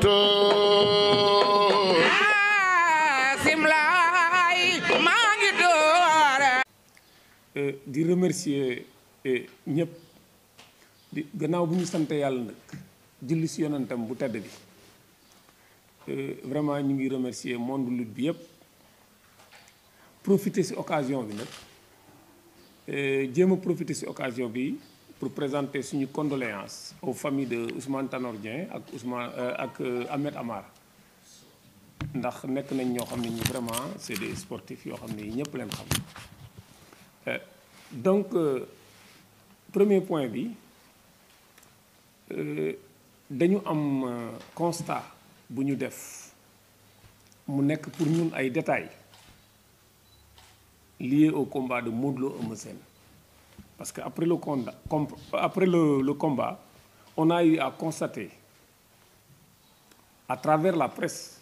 door ah, simlaay maa ngi door eh, di remercier eh, ñëpp di gannaaw bu ñu sante yàlla nag julli si yonantam bu tedd bi eh, vraiment ñu ngi remercier monde lutte bi yëpp profiter si ocasion bi nag jéem a profiter si occasion bi pour présenter suñu condoléances au famille de Ousmane Tanor ak Ousmane euh, ak euh, Ahmed Amar ndax nekk nañ ñoo xam ne ñi vraiment c'est des sportifs yoo xam ne yi ñëpp leen xam euh, donc premier point bi dañu am constat bu ñu def mu nekk pour ñun ay détails liés au combat de Modou Lo Eumeu Sène Parce qu'après le, combat, après le, le combat, on a eu à constater, à travers la presse,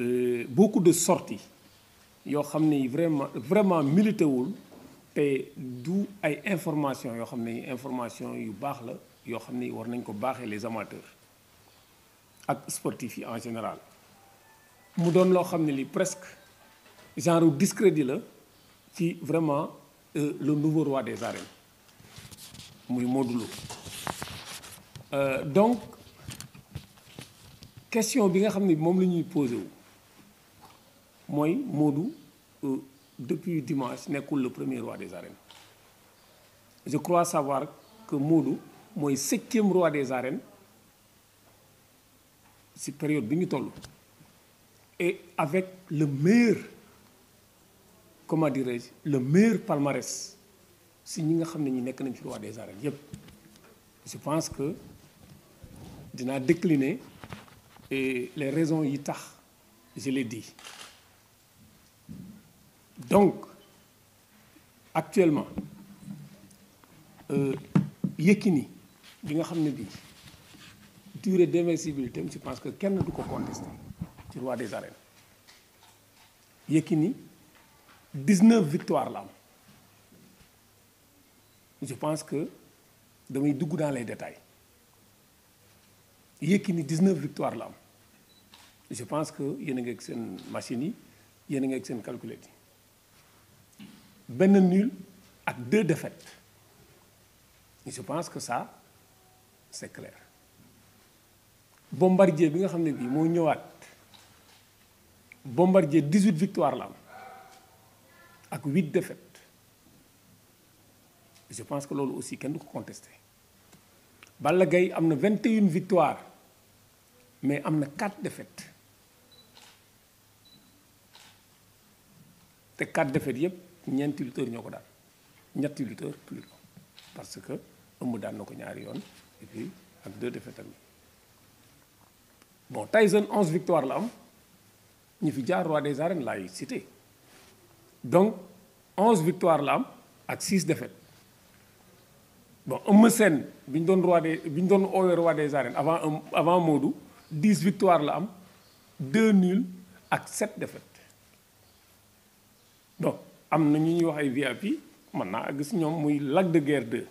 euh, beaucoup de sorties yoo xam ne vraiment vraiment milité wul te du ay information yoo xam ne information yu baax la yoo xam ne war nañ ko baaxee les amateurs ak sportifs yi en général mu doon loo xam ne li presque genre discrédit la ci vraiment Euh, le nouveau roi des arènes muy Modou Lo euh, donc question bi nga xam ni moom la ñuy posé wu mooy Modou euh, depuis dimanche nekkul le premier roi des arènes je crois savoir que Modou mooy septième roi des arènes ci période bi ñu toll et avec le meilleur comment dirais-je le meilleur palmarès si ñi nga xam ne ñi nekk nañ ci roi des arènes yëpp je pense que dinaa décliner les raisons yi tax je les di donc actuellement euh, Yékini bi nga xam ne bii durée d'invincibilité je pense que kenn du ko contester ci roi des arènes Yékini dix-neuf victoires la am je pense que damay dugg dans les yëkk ni dix-neuf victoires la am je pense que yéen a ngi ak seen machines yi yéen a ngi ak seen calculettes yi benn nul ak deux défaites je pense que ça c'est clair Bombardier bi nga xam ne bii moo ñëwaat Bombardier dix-huit victoires la am ak huit défaites je pense que loolu aussi kenn du ko contesté Balla Gaye am na vingt et une victoire mais am na quatre défaites te quatre défaites yépp ñeenti lutteurs ñoo ko daal ñetti lutteurs plus parce que ëmb daan na ko ñaari yoon et puis ak deux défaites tamit bon Tyson onze victoires la am ñu fi jaar roi des arènes laay cité donc onze victoires la am ak six défaites bon Eumeu Sène bi ñu doon roi des bi ñu doon oowee roi des arènes avant avant Modou dix victoires la am deux nuls ak sept défaites donc am na ñu ñuy wax ay VIP man naa gis ñoom muy Lac de Guerre 2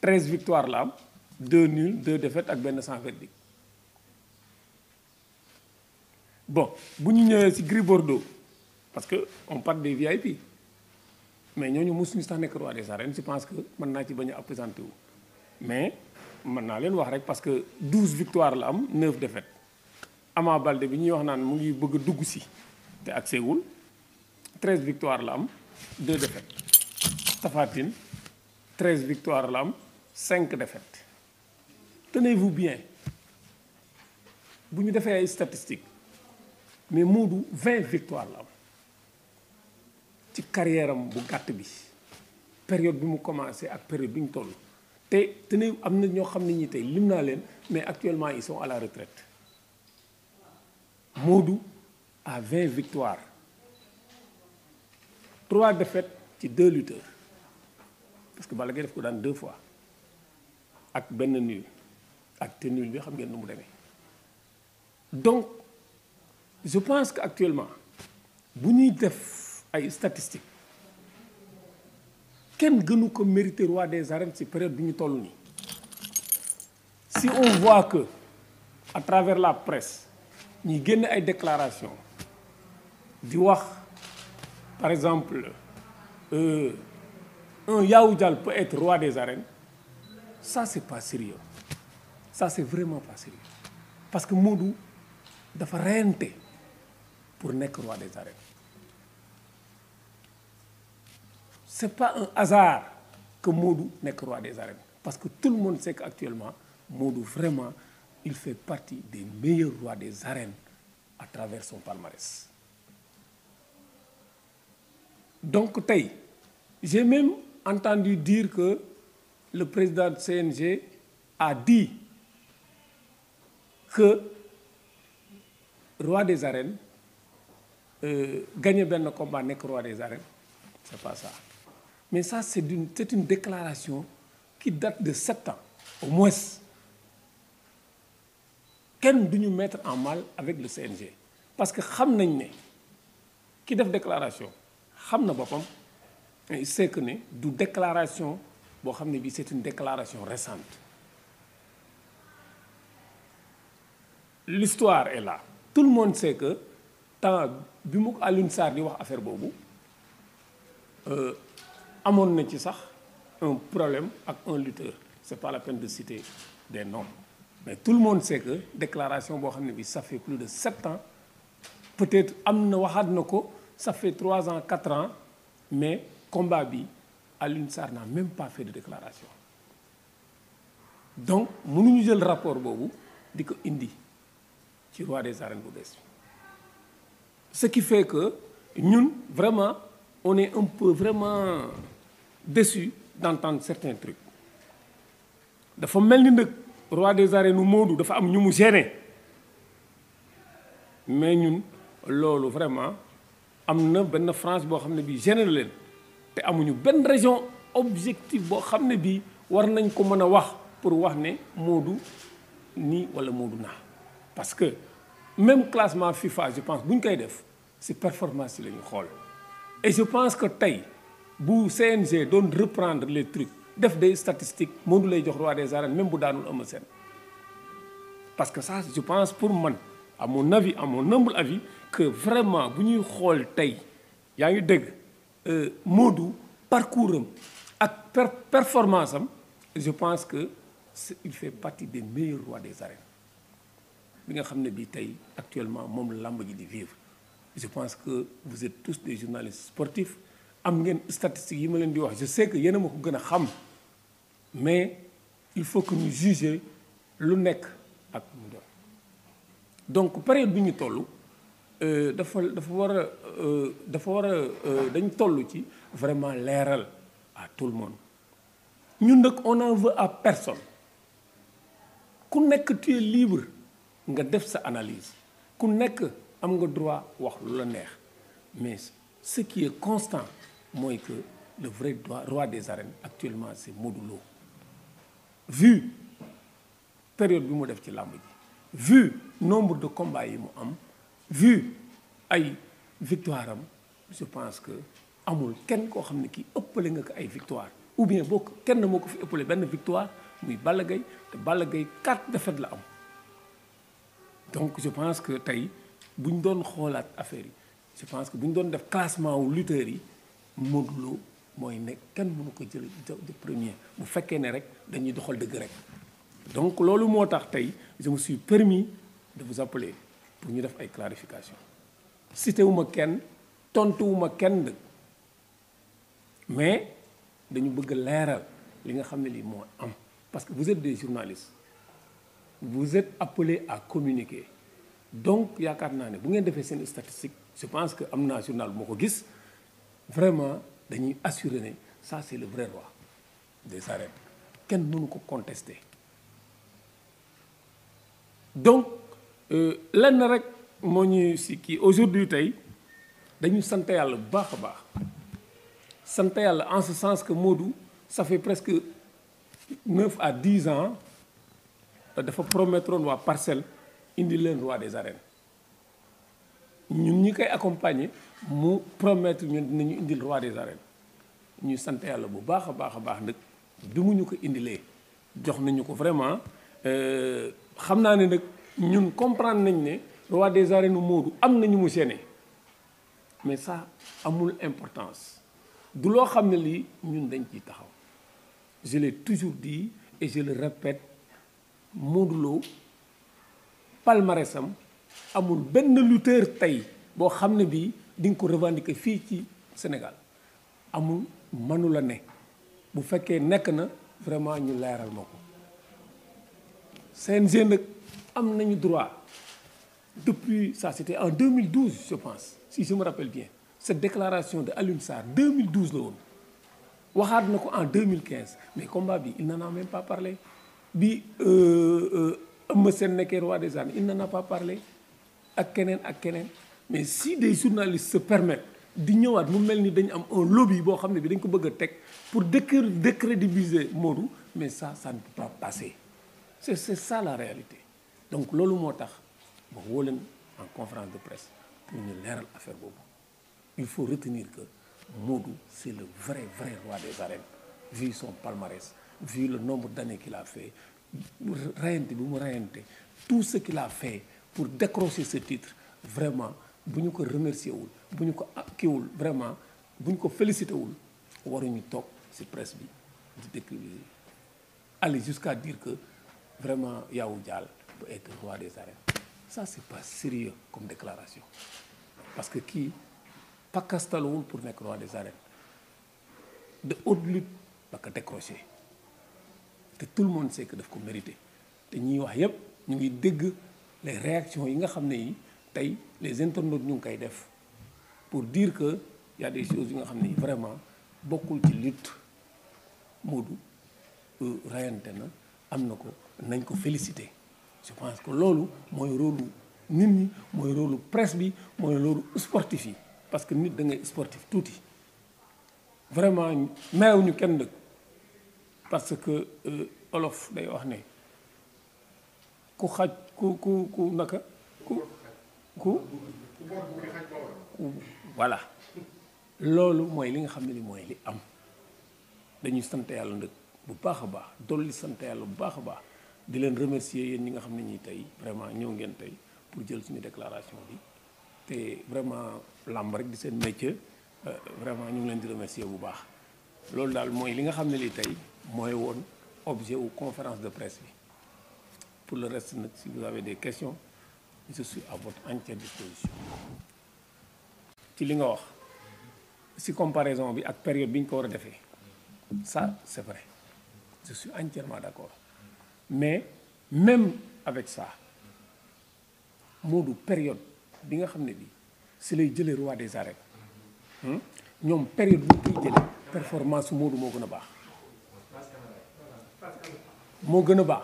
treize victoires la am deux nuls deux défaites ak benn sans verdict bon bu ñu ñëwee ci Gris Bordeaux parce que on parle des VIP mais ñooñu mosuñu sax nekk roi des arènes je pense que mën naa ci bañ a wu mais mën naa leen wax rek parce que 12 victoires la am 9 défaites Ama Baldé bi ñuy wax naan mu ngi bëgg a dugg si te ak seewul 13 victoires la am 2 défaites Tapha Tine 13 la am cinq défaites tenez-vous bien bu ñu defee ay statistiques mais Modou 20 victoires la am. ci carrière bu gàtt bi période bi mu commencé ak période bi ñu toll te te ne am na ñoo xam ne ñi tey lim naa leen mais actuellement ils sont à la retraite du à vingt victoires trois défaites ci deux lutteurs parce que Balla Gaye def ko daan deux fois ak benn nu ak te nul bi xam ngeen nu mu demee donc je pense que actuellement bu ñuy def. ay statistiques kenn gënu ko mérité roi des arènes ci période bi ñu toll nii si on voit que à travers la presse ñuy génne ay déclaration di wax par exemple euh, un Yahya Dial peut être roi des arènes ça c'est pas sérieux ça c'est vraiment pas sérieux parce que Modou dafa reyante pour nekk roi des arènes c'est pas un hasard que Modou nekk roi des arènes parce que tout le monde sait qu'actuellement Modou vraiment il fait partie des meilleurs rois des arènes à travers son palmarès donc tey j'ai même entendu dire que le président du CNG a dit que roi des arènes euh, gagner benn combat nekk roi des arènes c'est pas ça Mais ça, c'est une, une déclaration qui date de sept ans, au moins. Quel de nous mettre en mal avec le CNG Parce que nous qui fait déclaration, il sait que du déclaration, boo xam c'est une déclaration récente. L'histoire et là. Tout le monde sait que, mu que Alun Sar wax affaire boobu euh, amoon na ci sax un problème ak un lutteur c'est pas la peine de citer des noms mais tout le mone sait que déclaration boo xam ne bi ça fait plus de sept ans peut-être am na waxaat na ko ça fait trois ans quatre ans mais combat bi Alioune Sarr n'a même pas fait de déclaration donc mënuñu jël rapport boobu di ko indi ci roi des arènes bu bees bi ce qui fait que ñun vraiment on est un peu vraiment déçu d'entendre certains trucs dafa mel ni ndëkk roi des arènes nu Modou dafa am ñu mu gêné mais ñun loolu vraiment am na benn France boo xam ne bii gêné leen te amuñu benn région objectif boo xam ne bii war nañ ko mën a wax pour wax ne moodu nii wala Modou naa parce que même classement FIFA je pense bu ñu koy def si performance yi la ñu xool et je pense que tey bu CNG doon reprendre les trucs def des moo du lay jox roi des arènes même bu daanul Eumeu parce que ça je pense pour man à mon avis à mon humble avis que vraiment bu ñuy xool tey yaa ngi dégg euh, Modou parcours am ak performance am je pense que il fait partie des meilleurs rois des arènes bi nga xam ne bii tey actuellement moom làmb ji di vivre je pense que vous êtes tous des journalistes sportifs am ngeen statistiques yi ma leen di wax je sais que yéen a ma ko gën a xam mais il faut que ñu juger lu nekk ak mu doon donc période bi ñu toll euh, dafa dafa war a euh, dafa war a euh, dañ toll ci vraiment leeral à tout le monde ñun ndëkk on en veut à personne ku nekk tu es libre nga def sa analyse ku nekk am nga droit wax lu la neex mais ce qui est constant mooy que le vrai roi des arènes actuellement c'est Modou vu période bi mu def ci làmb ji vu nombre de combats yi mu am vu ay victoire am je pense que amul kenn koo xam ne kii ëppale nga ko ay victoire ou bien boo kenn moo ko fi ëppale benn victoire muy Balla Gaye te Balla Gaye quatre défaites la am donc je pense que tey bu ñu doon xoolaat affaire yi je pense que bu ñu doon def classement wu lutteurs yi Modou Lo mooy nekk kenn mënu ko jël de premier bu fekkee ne rek dañuy doxal dëgg rek. donc loolu moo tax tey je me suis permis de vous appeler pour ñu def ay clarification cité wu ma kenn tontu ma kenn dëgg mais dañu bëgg leeral li nga xam ne lii moo am parce que vous êtes des journalistes vous êtes appelés à communiquer. donc yaakaar naa ne bu ngeen defee seen statistique je pense que am naa journal bu ko gis vraiment dañuy assurer ne ça c'est le vrai roi des arènes kenn mënu ko contester donc euh, lenn rek moo ñu si kii aujourd'hui tey dañu sant yàlla bu baax a baax sant yàlla en ce sens que Modou ça fait presque neuf à dix ans dafa promettroon waa parcelle indi leen roi des arènes ñun ñi koy accompagner mu promettre ñun dinañu indil roi des arènes ñu sant yàlla bu baax a baax a baax nag du mu ñu ko indilee jox nañu ko vraiment euh, xam naa ne nag ñun comprendre nañ ne roi des arènes Modou am nañu mu seene mais ça amul importance du loo xam ne lii ñun dañ ciy taxaw je l'ai toujours di et je le répète Modou palmarès am amul benn lutteur tey boo xam ne bii di nga ko revendiquer fii ci Sénégal amul mënu la ne bu fekkee nekk na vraiment ñu leeral moom seen CNG nag am nañu droit depuis ça c'était en 2012 je pense si je me rappelle bien cette déclaration de Alioune Sarr 2012 la woon waxaat na ko en 2015 mais combat bi il n'en a même pas parlé bi. Euh, euh, Eumeu seen nekkee roi des arènes il n'en a pas parlé ak keneen ak keneen mais si des journalistes se permettent di ñëwaat mu mel ni dañu am un lobby boo xam ne bi dañ ko bëgg a teg pour décré décrédibiliser di mais ça mais ne peut pas passer c'est c'est ça la réalité donc loolu moo tax ma woo leen en conférence de presse pour ñu leeral affaire boobu il faut retenir que Modou c'est le vrai vrai roi des arènes vu son palmarès vu le nombre d'années qu'il a fait rayante bi mu rayante tout ce qu'il a fait pour décrocher ce titre vraiment bu ñu ko remercier wul bu ñu ko kiiwul vraiment bu ñu ko félicité wul waruñu toog ci presse bi di décrire aller jusqu'à dire que vraiment Yawou Dial peut être roi des arènes ça c'est pas sérieux comme déclaration parce que kii pakastalowul pour nekk roi des arènes de haute lutte la ko décroché te tout le monde sait que ko mérité te ñiy wax yépp ñu ngi dégg les réactions yi nga xam ne yi tey les internautes ñu ngi koy def pour diir que y a des yi nga xam ne yi vraiment bokkul ci lutte Modou euh, rayante na am na ko nañ ko féliciter je pense que loolu mooy rôle nit ñi mooy rôle presse bi mooy rôle sportif yi parce que nit da ngay sportif tuuti vraiment meew kenn dëkk parce que euh, olof day wax ne ku xaj ku ku ku naka ku ku voilà loolu mooy li nga xam ne li mooy li am dañuy sante yàlla nag bu baax a baax dolli sante yàlla bu baax a baax di leen remercier yéen ñi nga xam ne ñi tey vraiment ñëw ngeen tey pour jël suñu déclaration bi te vraiment làmb rek di seen métier euh, vraiment ñu ngi leen di remercier bu baax loolu daal mooy li nga xam ne li tey mooy woon objet wu conférence de presse bi pour le reste nag si vous avez des questions je suis à entière disposition. ci li nga wax si comparaison bi ak période bi ñu ko war a defee ça c'est vrai je suis entièrement d'accord mais même avec ça moo période bi nga xam ne bi si lay jëlee roi des arènes hmm, ñoom période bu ñu koy jëlee performance su Modou moo gën a baax. moo gën a baax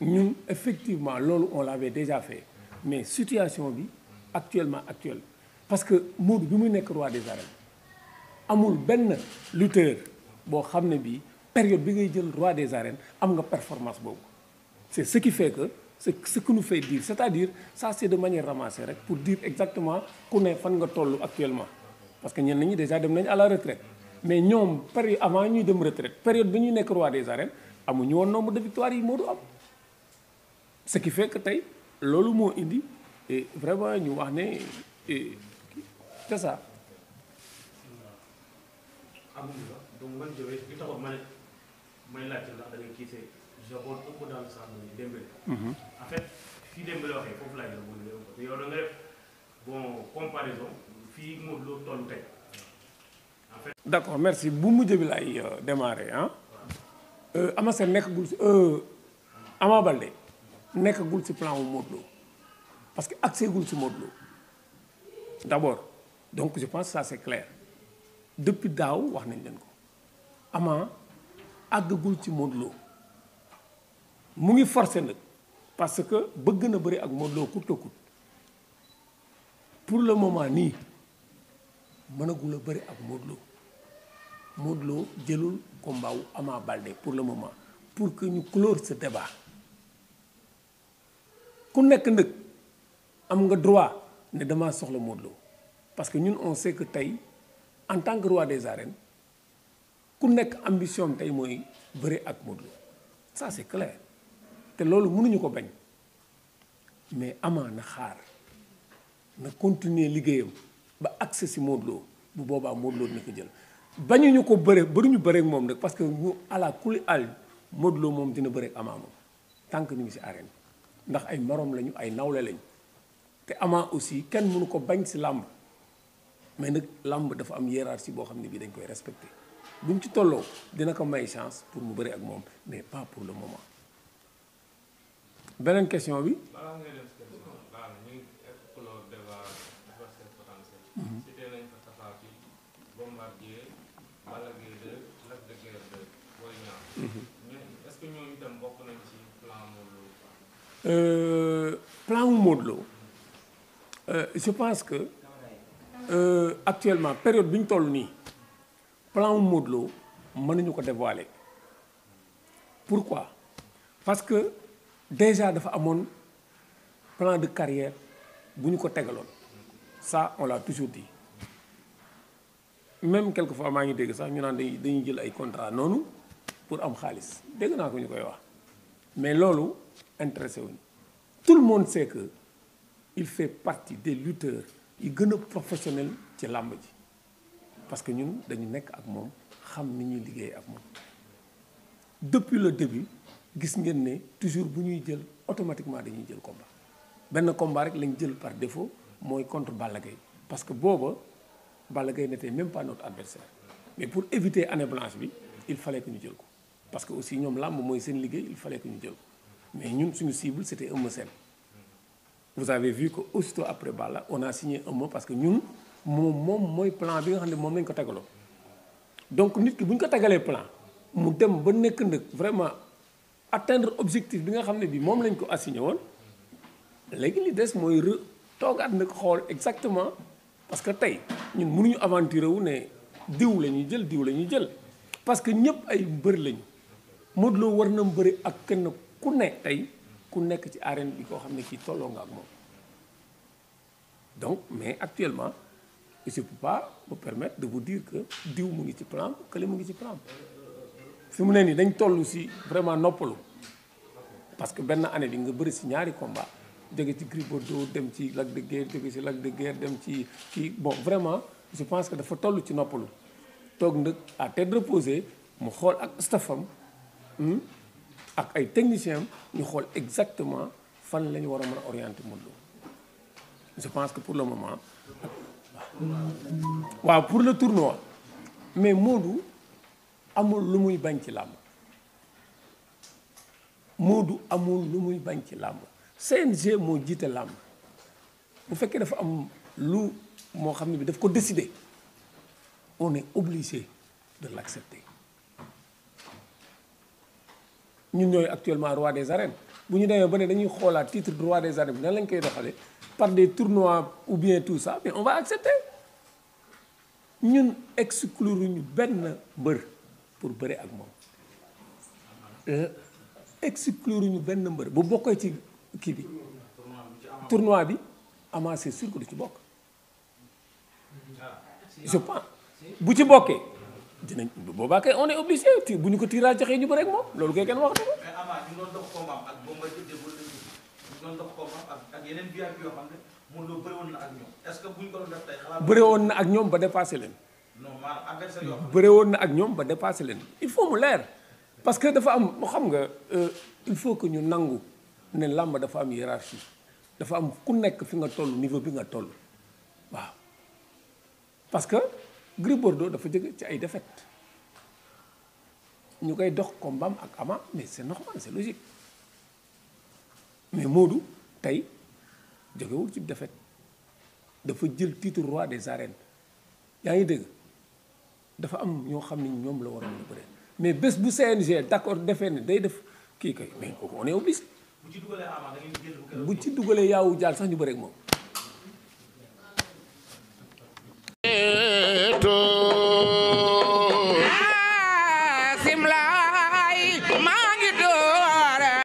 ñu effectivement loolu la l'avait déjà fait mais situation bi actuellement actuelle parce que Modou bi muy nekk roi des arènes amul benn lutteur boo xam ne bii période bi ngay jël roi des arènes am nga performance boobu c'est ce qui fait que c'est ce que nous fait dire c'est-à-dire ça c'est de manière ramassée rek pour dire exactement ku ne fan nga toll actuellement parce que ñenn ñi déjà dem nañ à la retraite mais ñoom période avant ñuy dem retraite période bi ñuy nekk roi des arènes amuñu woon nombre de victoire yi Modou am ce qui fait tey loolu moo indi vraiment ñu wax ne c'est ça. alhamdulilah donc man jërëjëf li taxoon ma ne may laajte ndax da de mhm. en fait fii Dembélé waxee foofu laaj la mën a te yow da nga def bon comparaison fii Modou Lo toll tey en merci bu mujj bi laay euh, démarrer Euh, Ama nekk nekkagul si euh, Ama Baldé nekkagul si plan wu Modou parce que accégul si Modou Lo d'abord donc je pense ça c'est clair depuis daaw wax nañ leen ko Ama àggagul ci Modou Lo mu ngi force nag parce que bëgg na bëri ak Modou Lo coûte pour le moment nii mënagul a bëri ak Modou Lo Modou Lo jëlul combat wu Ama Baldé pour le moment pour que ñu clore ce débat ku nekk nag am nga droit ne dama soxla Modou parce que ñun on sait tey en tant que roi des arènes ku nekk ambition tey mooy bëre ak Modou Lo ça c'est clair te loolu mënuñu ko bañ mais Ama na xaar na continuer liggéeyam ba accès si Modou bu boobaa Modou Lo ko jël bañuñu ko bëre bëruñu bëreeg moom nag parce que ñu ala kuli al Modou Lo moom dina bëreeg Ama moom tànk ñu si arène ndax ay morom lañu ay nawle lañu te Ama aussi kenn mënu ko bañ si làmb mais nag làmb dafa am si boo xam ne bii dañ koy respecté ñu ci tolloo dina ko may chance pour mu bëri ak moom mais pas pour le moment beneen question bi. Mhm. plan wu Modou euh, euh, je pense que euh, actuellement période bi ñu toll nii plan wu Modou mën nañu ko dévoiler pourquoi parce que déjà dafa amoon plan de carrière bu ñu ko tegaloon ça on l'a toujours di même quelquefois maa ngi dégg sax ñu naan dañuy dañuy jël ay contrat noonu pour am xaalis dégg naa ko ñu koy wax mais loolu intéressé wuñu tout le monde sait que il fait partie des lutteurs yi gën a professionnel ci làmb ji parce que ñun dañu nekk ak moom xam ni ñuy liggéey ak moom depuis le début gis ngeen ne toujours bu ñuy jël automatiquement dañuy jël combat benn combat rek lañ jël par défaut mooy contre Balla Gaye parce booba Balla Gaye n'était même pas notre adversaire mais pour éviter année blanche bi il fallait que ñu jël ko parce que aussi ñoom làmb mooy seen liggéey il fallait que ñu jël ko mais ñun suñu cible c'était Eumeu Sène vous avez vu que aussitôt après Balla on a signé Eumeu parce que ñun moom moom mooy plan bi nga xam ne moom lañ ko tagaloo donc nit ki buñ ko tagalee plan mu dem ba nekk nag vraiment attendre objectif bi nga xam ne bi moom lañ ko assigné woon léegi li des mooy re toogaat nag xool exactement parce que tey ñun mënuñu aventuré wu ne diw la ñuy jël diw la ñuy jël parce que ñëpp ay mbër lañu Modou Lo war na mbëri ak kenn ku ne tey ku nekk ci arène bi koo xam ne kii tolloo nga ak moom donc mais actuellement je ne peux pas de vous dire diw mu ngi ci plan kële mu ngi ci plan fi mu ne nii dañ toll si vraiment noppalu parce que benn année bi nga bëri si ñaari combat jóge ci Gris Bordeaux dem ci lag de Guiers jóge ci Lac de Guiers dem ci kii bon vraiment je pense que dafa tollu ci noppalu toog nag à tête reposée mu xool ak staffam hmm, ak ay techniciens ñu xool exactement fan la ñu war a mën a orienter je pense que pour le moment waa pour le tournoi mais Modou amul lu muy bañ ci làmb Modou amul lu muy bañ ci làmb CNG moo jiite làmb bu fekkee dafa am lu moo xam ne bi daf ko décider on est obligé de l' accepter ñun ñooy actuellement roi des arènes bu ñu demee ba ne dañuy xoolaat titre de roi des arènes bi nan lañ koy doxalee par des tournois ou bien tout ça mais on va accepter ñun exclure ñu benn mbër pour bëre ak moom euh, exclure ñu benn mbër bu bokkee ci. kii bi tournoi bi Ama c'est sûr que du ci bokk je pense bu ci bokkee boobaa kay on est bu ñu ko tirage joxee ñu ba rek moom loolu koy kenn wax ko. mais Ama ñu yeneen VIP na ak ñoom ce que bu ñu na ak ñoom ba dépassé leen. non maanaam yoo bëri woon na ak ñoom ba dépassé leen il faut mu leer parce que dafa am xam nga euh, il faut que ñu nangu. ne làmb dafa am hiérarchie dafa am ku nekk fi nga toll niveau bi nga toll waaw parce que Gris Bordeaux dafa jóge ci ay défaite ñu koy dox kombaam ak Ama mais c'est normal c'est logique mais Modou tey jógewul ci défaite dafa jël titre roi des arènes yaa ngi dégg dafa am ñoo xam ni ñoom la war a mën mais bés bu CNG d'accord defee ne day def kii kay mais kooku on est bu ci dugalee yaawu jaal sax ñu bëre ak moom